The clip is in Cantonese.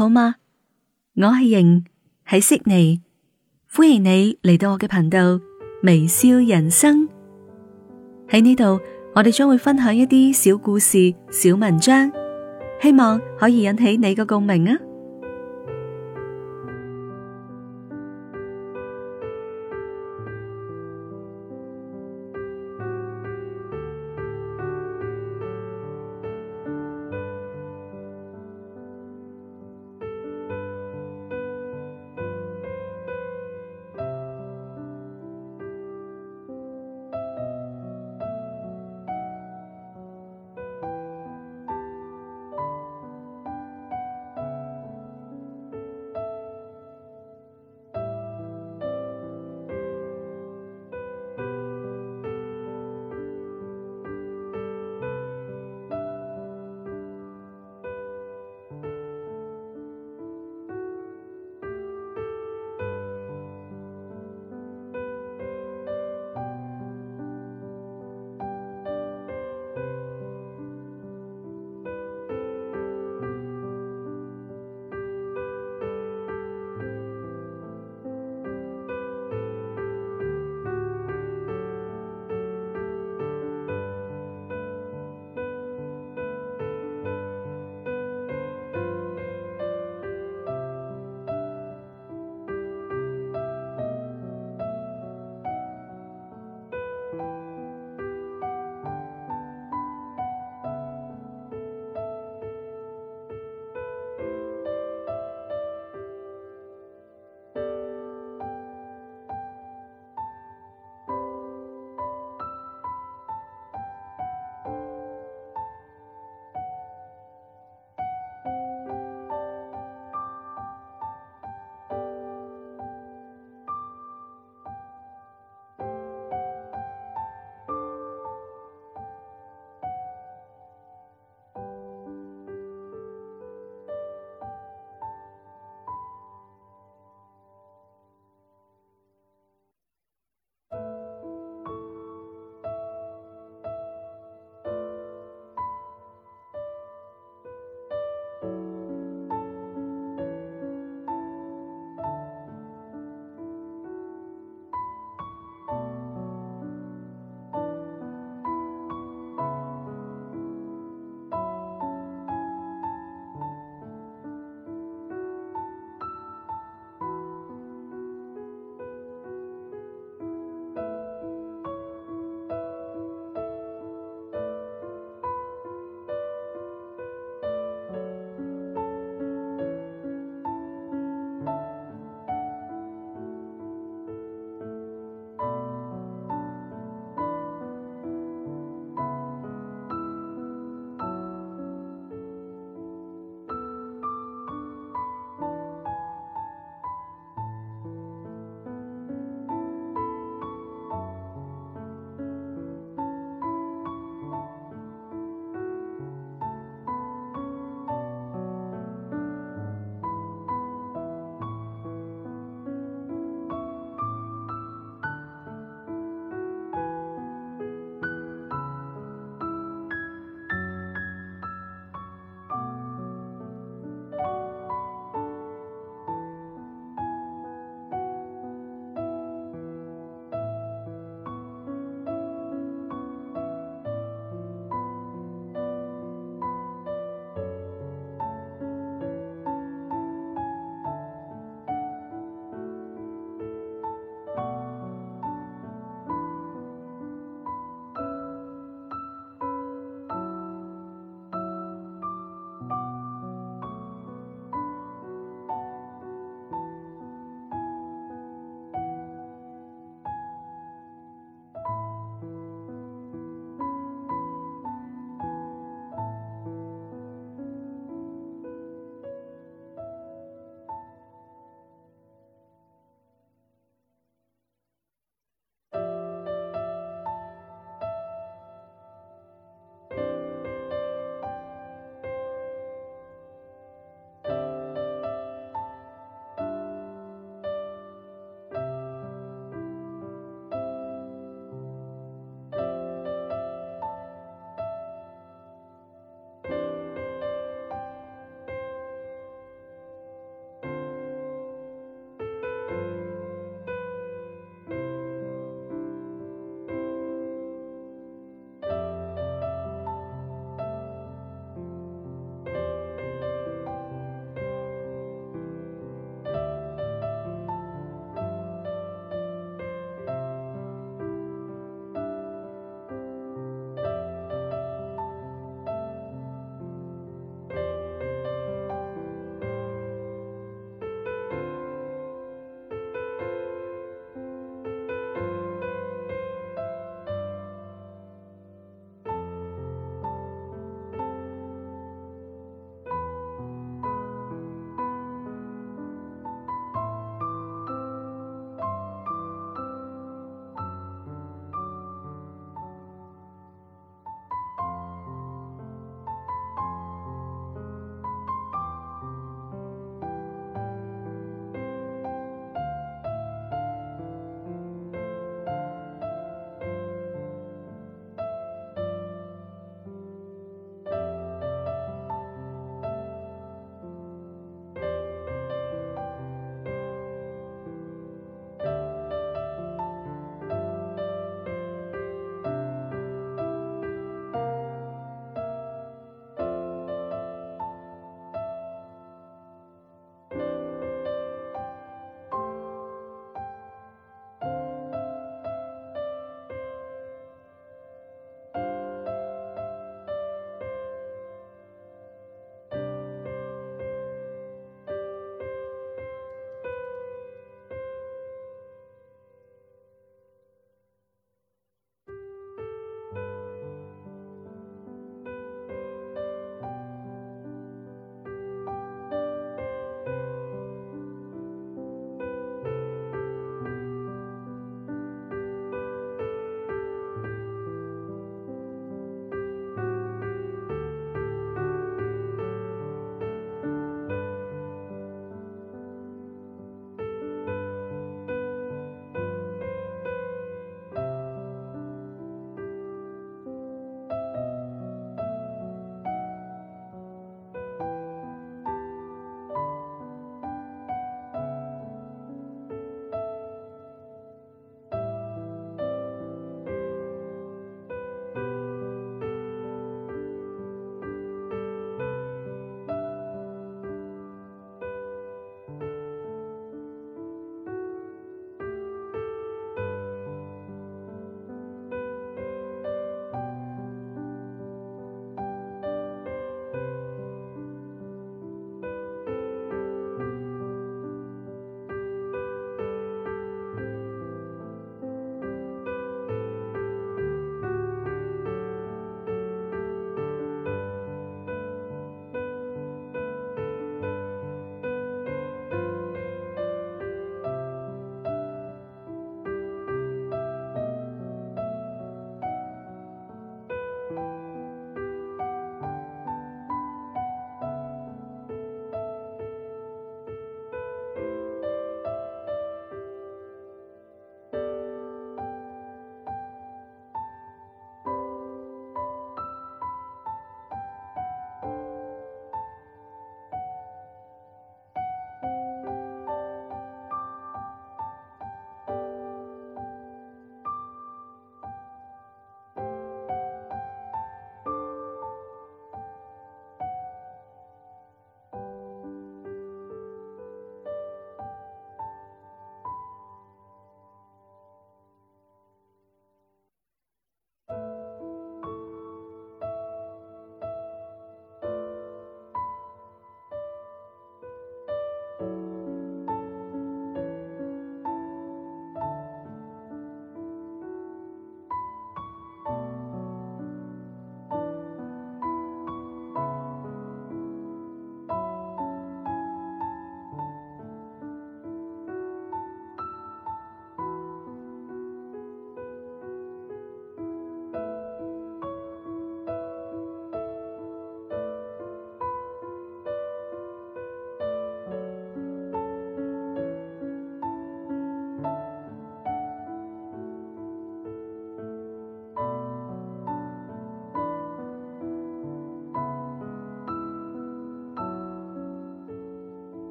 好嗎？我係瑩，喺悉尼，歡迎你嚟到我嘅頻道微笑人生。喺呢度，我哋將會分享一啲小故事、小文章，希望可以引起你嘅共鳴啊。